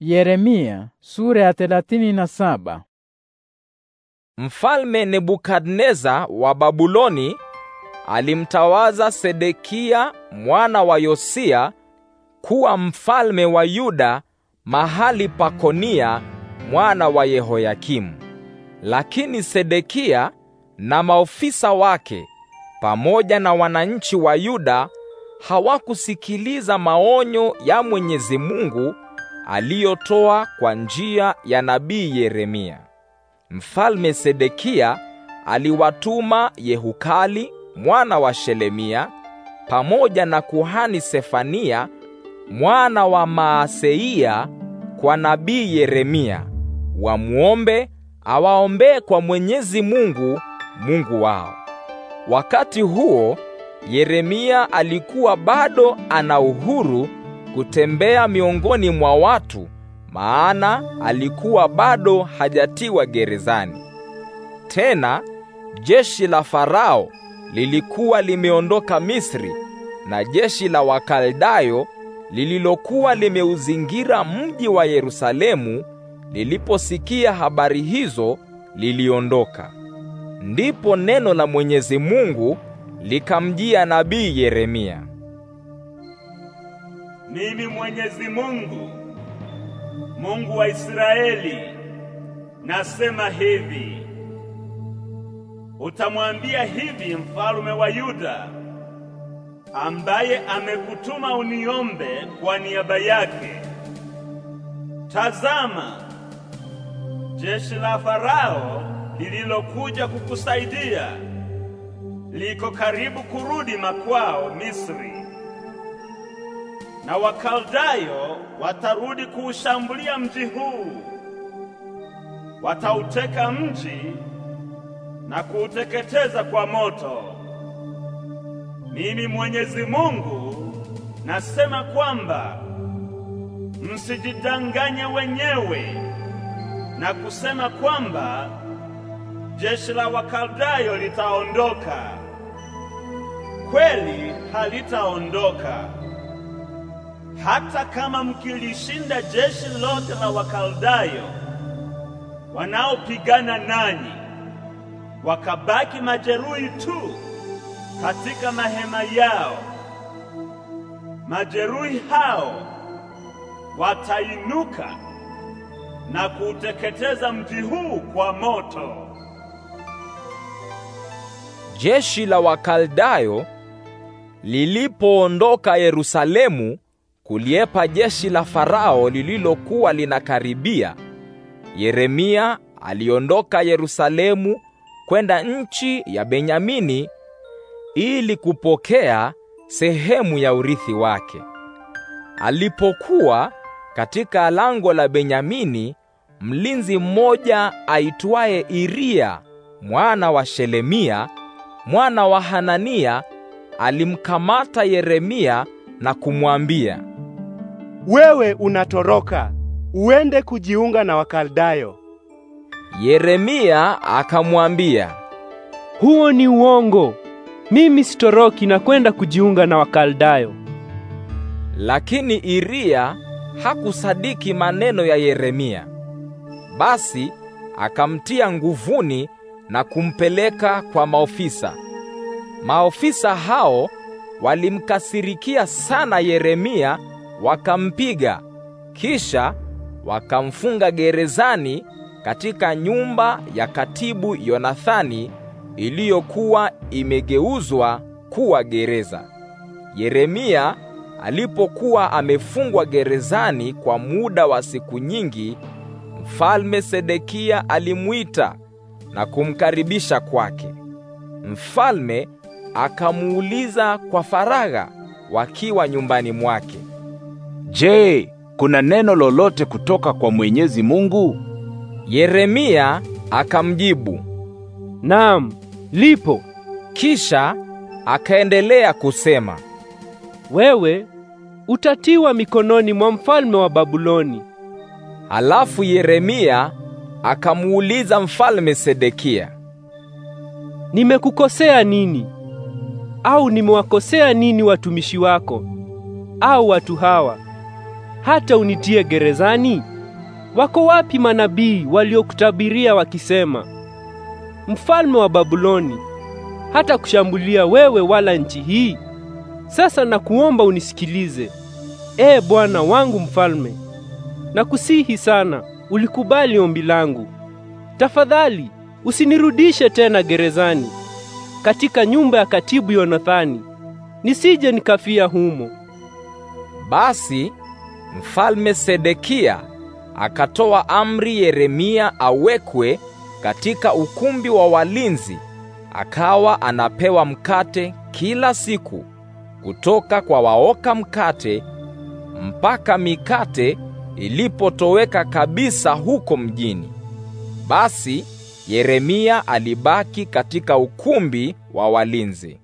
Yeremia sura ya na saba. Mfalme Nebukadneza wa Babuloni alimtawaza Sedekia mwana wa Yosia kuwa mfalme wa Yuda mahali pa Konia mwana wa Yehoyakimu. Lakini Sedekia na maofisa wake pamoja na wananchi wa Yuda hawakusikiliza maonyo ya Mwenyezi Mungu aliyotoa kwa njia ya nabii Yeremia. Mfalme Sedekia aliwatuma Yehukali mwana wa Shelemia pamoja na kuhani Sefania mwana wa Maaseia kwa nabii Yeremia wamuombe awaombee kwa Mwenyezi Mungu, Mungu wao. Wakati huo Yeremia alikuwa bado ana uhuru kutembea miongoni mwa watu, maana alikuwa bado hajatiwa gerezani. Tena jeshi la Farao lilikuwa limeondoka Misri, na jeshi la Wakaldayo lililokuwa limeuzingira mji wa Yerusalemu liliposikia habari hizo liliondoka. Ndipo neno la Mwenyezi Mungu likamjia nabii Yeremia. Mimi Mwenyezi Mungu, Mungu wa Israeli, nasema hivi: utamwambia hivi mfalme wa Yuda ambaye amekutuma uniombe kwa niaba yake, tazama, jeshi la Farao lililokuja kukusaidia liko karibu kurudi makwao Misri na Wakaldayo watarudi kuushambulia mji huu, watauteka mji na kuuteketeza kwa moto. Mimi Mwenyezi Mungu nasema kwamba msijidanganye wenyewe na kusema kwamba jeshi la Wakaldayo litaondoka. Kweli halitaondoka hata kama mkilishinda jeshi lote la Wakaldayo wanaopigana nanyi, wakabaki majeruhi tu katika mahema yao, majeruhi hao watainuka na kuuteketeza mji huu kwa moto. Jeshi la Wakaldayo lilipoondoka Yerusalemu kuliepa jeshi la Farao lililokuwa linakaribia, Yeremia aliondoka Yerusalemu kwenda nchi ya Benyamini ili kupokea sehemu ya urithi wake. Alipokuwa katika lango la Benyamini, mlinzi mmoja aitwaye Iria mwana wa Shelemia mwana wa Hanania alimkamata Yeremia na kumwambia, wewe unatoroka uende kujiunga na Wakaldayo. Yeremia akamwambia, huo ni uongo, mimi sitoroki na kwenda kujiunga na Wakaldayo. Lakini Iria hakusadiki maneno ya Yeremia, basi akamtia nguvuni na kumpeleka kwa maofisa. Maofisa hao walimkasirikia sana Yeremia wakampiga, kisha wakamfunga gerezani katika nyumba ya katibu Yonathani iliyokuwa imegeuzwa kuwa gereza. Yeremia alipokuwa amefungwa gerezani kwa muda wa siku nyingi, Mfalme Sedekia alimwita na kumkaribisha kwake. Mfalme akamuuliza kwa faragha wakiwa nyumbani mwake, Je, kuna neno lolote kutoka kwa Mwenyezi Mungu? Yeremia akamjibu, Naam, lipo. Kisha akaendelea kusema, wewe utatiwa mikononi mwa mfalme wa Babuloni. Halafu Yeremia akamuuliza mfalme Sedekia, nimekukosea nini? Au nimewakosea nini watumishi wako au watu hawa hata unitie gerezani? Wako wapi manabii waliokutabiria wakisema, mfalme wa Babuloni hata kushambulia wewe wala nchi hii? Sasa nakuomba unisikilize, e bwana wangu mfalme, nakusihi sana ulikubali ombi langu. Tafadhali usinirudishe tena gerezani katika nyumba ya katibu Yonathani, nisije nikafia humo. Basi Mfalme Sedekia akatoa amri Yeremia awekwe katika ukumbi wa walinzi, akawa anapewa mkate kila siku kutoka kwa waoka mkate mpaka mikate ilipotoweka kabisa huko mjini. Basi Yeremia alibaki katika ukumbi wa walinzi.